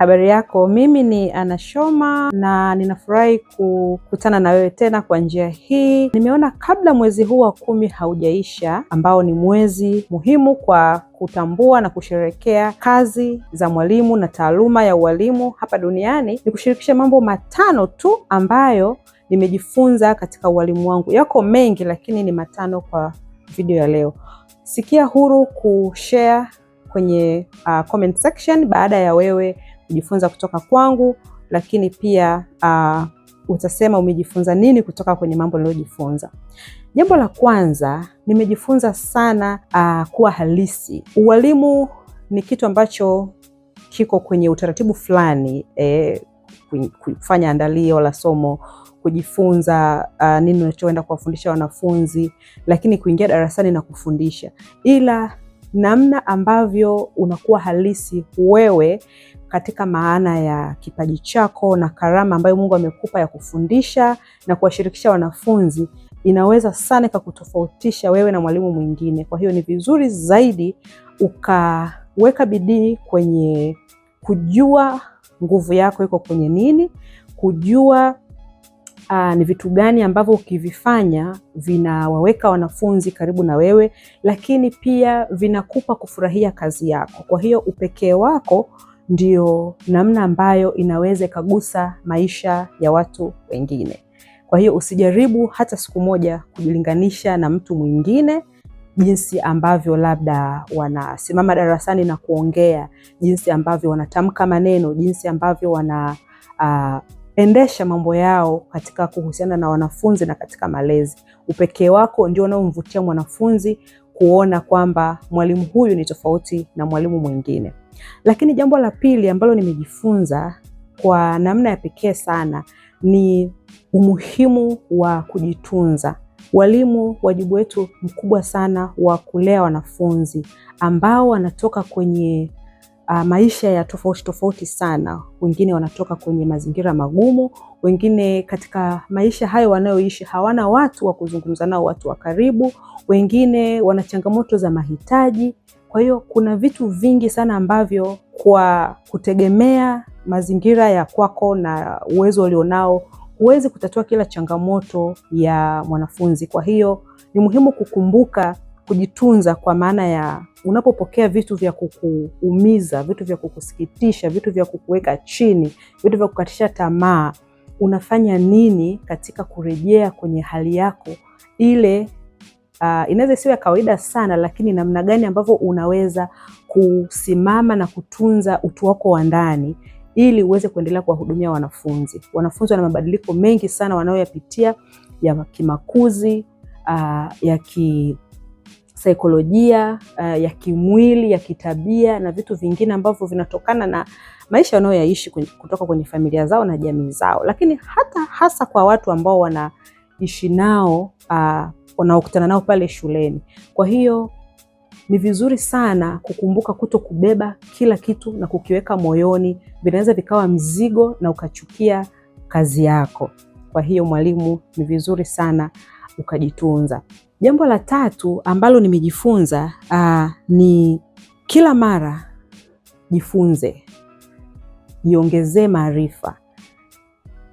Habari yako, mimi ni Anashoma na ninafurahi kukutana na wewe tena kwa njia hii. Nimeona kabla mwezi huu wa kumi haujaisha, ambao ni mwezi muhimu kwa kutambua na kusherekea kazi za mwalimu na taaluma ya ualimu hapa duniani, ni kushirikisha mambo matano tu ambayo nimejifunza katika ualimu wangu. Yako mengi, lakini ni matano kwa video ya leo. Sikia huru kushare kwenye uh, comment section baada ya wewe kujifunza kutoka kwangu, lakini pia uh, utasema umejifunza nini kutoka kwenye mambo niliyojifunza. Jambo la kwanza nimejifunza sana uh, kuwa halisi. Ualimu ni kitu ambacho kiko kwenye utaratibu fulani eh, kufanya andalio la somo, kujifunza uh, nini unachoenda kuwafundisha wanafunzi, lakini kuingia darasani na kufundisha, ila namna ambavyo unakuwa halisi wewe katika maana ya kipaji chako na karama ambayo Mungu amekupa ya kufundisha na kuwashirikisha wanafunzi inaweza sana ikakutofautisha wewe na mwalimu mwingine. Kwa hiyo ni vizuri zaidi ukaweka bidii kwenye kujua nguvu yako iko kwenye nini, kujua Aa, ni vitu gani ambavyo ukivifanya vinawaweka wanafunzi karibu na wewe, lakini pia vinakupa kufurahia kazi yako. Kwa hiyo upekee wako ndio namna ambayo inaweza ikagusa maisha ya watu wengine. Kwa hiyo usijaribu hata siku moja kujilinganisha na mtu mwingine jinsi ambavyo labda wanasimama darasani na kuongea, jinsi ambavyo wanatamka maneno, jinsi ambavyo wanaendesha ah, uh, mambo yao katika kuhusiana na wanafunzi na katika malezi. Upekee wako ndio unaomvutia mwanafunzi kuona kwamba mwalimu huyu ni tofauti na mwalimu mwingine. Lakini jambo la pili ambalo nimejifunza kwa namna ya pekee sana ni umuhimu wa kujitunza. Walimu, wajibu wetu mkubwa sana wa kulea wanafunzi ambao wanatoka kwenye uh, maisha ya tofauti tofauti sana. Wengine wanatoka kwenye mazingira magumu, wengine katika maisha hayo wanayoishi hawana watu wa kuzungumza nao, watu wa karibu, wengine wana changamoto za mahitaji. Kwa hiyo kuna vitu vingi sana ambavyo kwa kutegemea mazingira ya kwako na uwezo ulionao huwezi kutatua kila changamoto ya mwanafunzi. Kwa hiyo ni muhimu kukumbuka kujitunza, kwa maana ya unapopokea vitu vya kukuumiza, vitu vya kukusikitisha, vitu vya kukuweka chini, vitu vya kukatisha tamaa, unafanya nini katika kurejea kwenye hali yako ile. Uh, inaweza isiwe ya kawaida sana, lakini namna gani ambavyo unaweza kusimama na kutunza utu wako wa ndani ili uweze kuendelea kuwahudumia wanafunzi. Wanafunzi wana mabadiliko mengi sana wanayoyapitia ya kimakuzi, uh, ya ki saikolojia uh, eh, ya kimwili, ya kitabia na vitu vingine ambavyo vinatokana na maisha wanayoyaishi kutoka kwenye familia zao na jamii zao, lakini hata hasa kwa watu ambao wanaishi nao uh, wanaokutana nao pale shuleni. Kwa hiyo ni vizuri sana kukumbuka kuto kubeba kila kitu na kukiweka moyoni, vinaweza vikawa mzigo na ukachukia kazi yako. Kwa hiyo mwalimu, ni vizuri sana ukajitunza. Jambo la tatu ambalo nimejifunza uh, ni kila mara jifunze, jiongezee maarifa,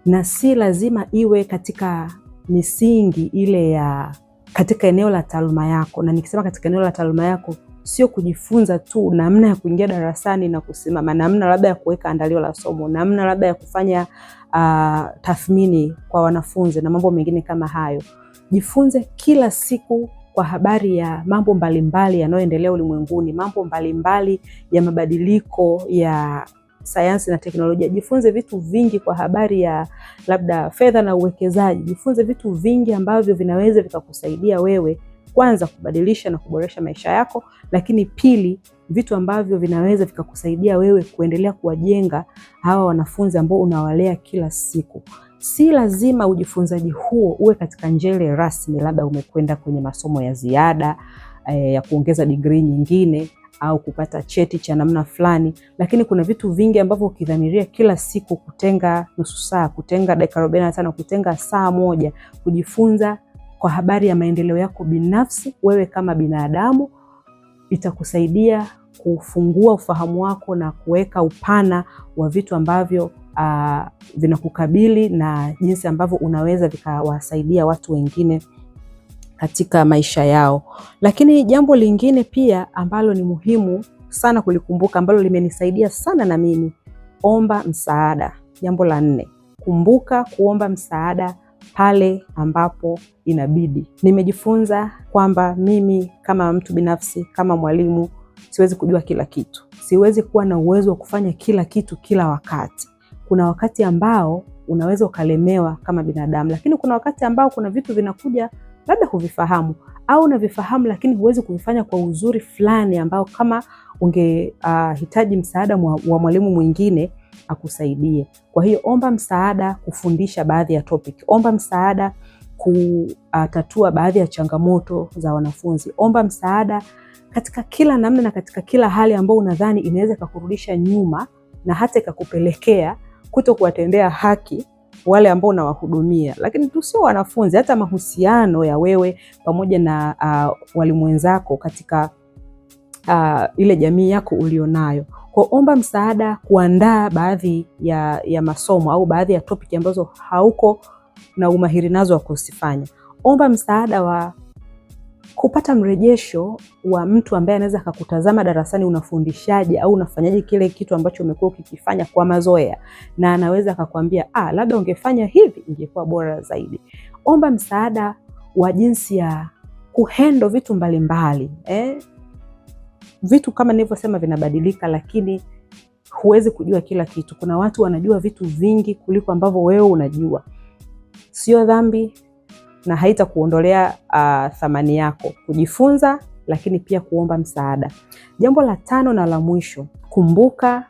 na si lazima iwe katika misingi ile ya katika eneo la taaluma yako. Na nikisema katika eneo la taaluma yako, sio kujifunza tu namna ya kuingia darasani na kusimama, namna labda ya kuweka andalio la somo, namna labda ya kufanya uh, tathmini kwa wanafunzi na mambo mengine kama hayo jifunze kila siku kwa habari ya mambo mbalimbali yanayoendelea ulimwenguni, mambo mbalimbali ya mabadiliko ya sayansi na teknolojia. Jifunze vitu vingi kwa habari ya labda fedha na uwekezaji. Jifunze vitu vingi ambavyo vinaweza vikakusaidia wewe, kwanza kubadilisha na kuboresha maisha yako, lakini pili, vitu ambavyo vinaweza vikakusaidia wewe kuendelea kuwajenga hawa wanafunzi ambao unawalea kila siku si lazima ujifunzaji huo uwe katika njele rasmi, labda umekwenda kwenye masomo ya ziada eh, ya kuongeza digrii nyingine au kupata cheti cha namna fulani, lakini kuna vitu vingi ambavyo ukidhamiria kila siku kutenga nusu saa, kutenga dakika arobaini na tano, kutenga saa moja kujifunza kwa habari ya maendeleo yako binafsi wewe kama binadamu, itakusaidia kufungua ufahamu wako na kuweka upana wa vitu ambavyo uh, vinakukabili na jinsi ambavyo unaweza vikawasaidia watu wengine katika maisha yao. Lakini jambo lingine pia ambalo ni muhimu sana kulikumbuka ambalo limenisaidia sana na mimi, omba msaada. Jambo la nne, kumbuka kuomba msaada pale ambapo inabidi. Nimejifunza kwamba mimi kama mtu binafsi, kama mwalimu, siwezi kujua kila kitu, siwezi kuwa na uwezo wa kufanya kila kitu kila wakati kuna wakati ambao unaweza ukalemewa kama binadamu, lakini kuna wakati ambao kuna vitu vinakuja labda huvifahamu au unavifahamu lakini huwezi kuvifanya kwa uzuri fulani ambao kama ungehitaji ah, uh, msaada wa mwalimu mwingine akusaidie. Kwa hiyo omba msaada kufundisha baadhi ya topic, omba msaada kutatua baadhi ya changamoto za wanafunzi, omba msaada katika kila namna na katika kila hali ambayo unadhani inaweza ikakurudisha nyuma na hata ikakupelekea kuto kuwatendea haki wale ambao unawahudumia, lakini tu sio wanafunzi, hata mahusiano ya wewe pamoja na uh, walimu wenzako katika uh, ile jamii yako ulionayo. Kwa omba msaada kuandaa baadhi ya, ya masomo au baadhi ya topic ambazo hauko na umahiri nazo wa kuzifanya. Omba msaada wa kupata mrejesho wa mtu ambaye anaweza akakutazama darasani unafundishaje au unafanyaje kile kitu ambacho umekuwa ukikifanya kwa mazoea, na anaweza akakwambia ah, labda ungefanya hivi ingekuwa bora zaidi. Omba msaada wa jinsi ya kuhendo vitu mbalimbali mbali, eh? Vitu kama nilivyosema vinabadilika, lakini huwezi kujua kila kitu. Kuna watu wanajua vitu vingi kuliko ambavyo wewe unajua. Sio dhambi, na haitakuondolea uh, thamani yako kujifunza, lakini pia kuomba msaada. Jambo la tano na la mwisho, kumbuka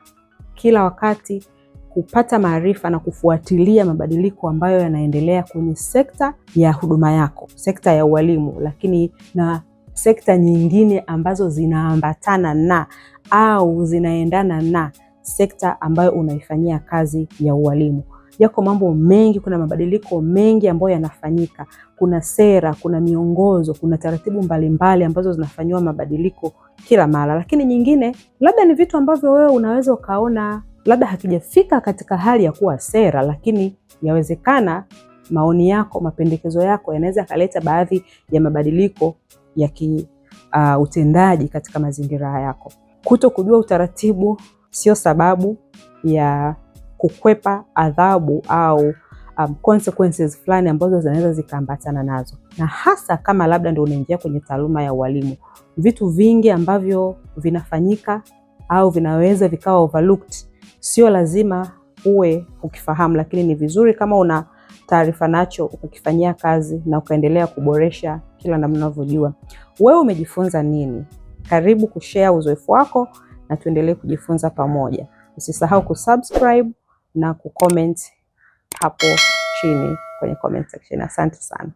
kila wakati kupata maarifa na kufuatilia mabadiliko ambayo yanaendelea kwenye sekta ya huduma yako, sekta ya ualimu, lakini na sekta nyingine ambazo zinaambatana na au zinaendana na sekta ambayo unaifanyia kazi ya ualimu yako mambo mengi, kuna mabadiliko mengi ambayo yanafanyika, kuna sera, kuna miongozo, kuna taratibu mbalimbali mbali ambazo zinafanyiwa mabadiliko kila mara, lakini nyingine labda ni vitu ambavyo wewe unaweza ukaona labda hakijafika katika hali ya kuwa sera, lakini yawezekana maoni yako, mapendekezo yako yanaweza yakaleta baadhi ya mabadiliko ya kiutendaji uh, katika mazingira yako. Kuto kujua utaratibu sio sababu ya kukwepa adhabu au um, consequences fulani ambazo zinaweza zikaambatana nazo, na hasa kama labda ndo unaingia kwenye taaluma ya ualimu, vitu vingi ambavyo vinafanyika au vinaweza vikawa overlooked, sio lazima uwe ukifahamu, lakini ni vizuri kama una taarifa nacho ukakifanyia kazi na ukaendelea kuboresha kila namna unavyojua. Wewe umejifunza nini? Karibu kushare uzoefu wako na tuendelee kujifunza pamoja. Usisahau kusubscribe, na kucomment hapo chini kwenye comment section. Asante sana.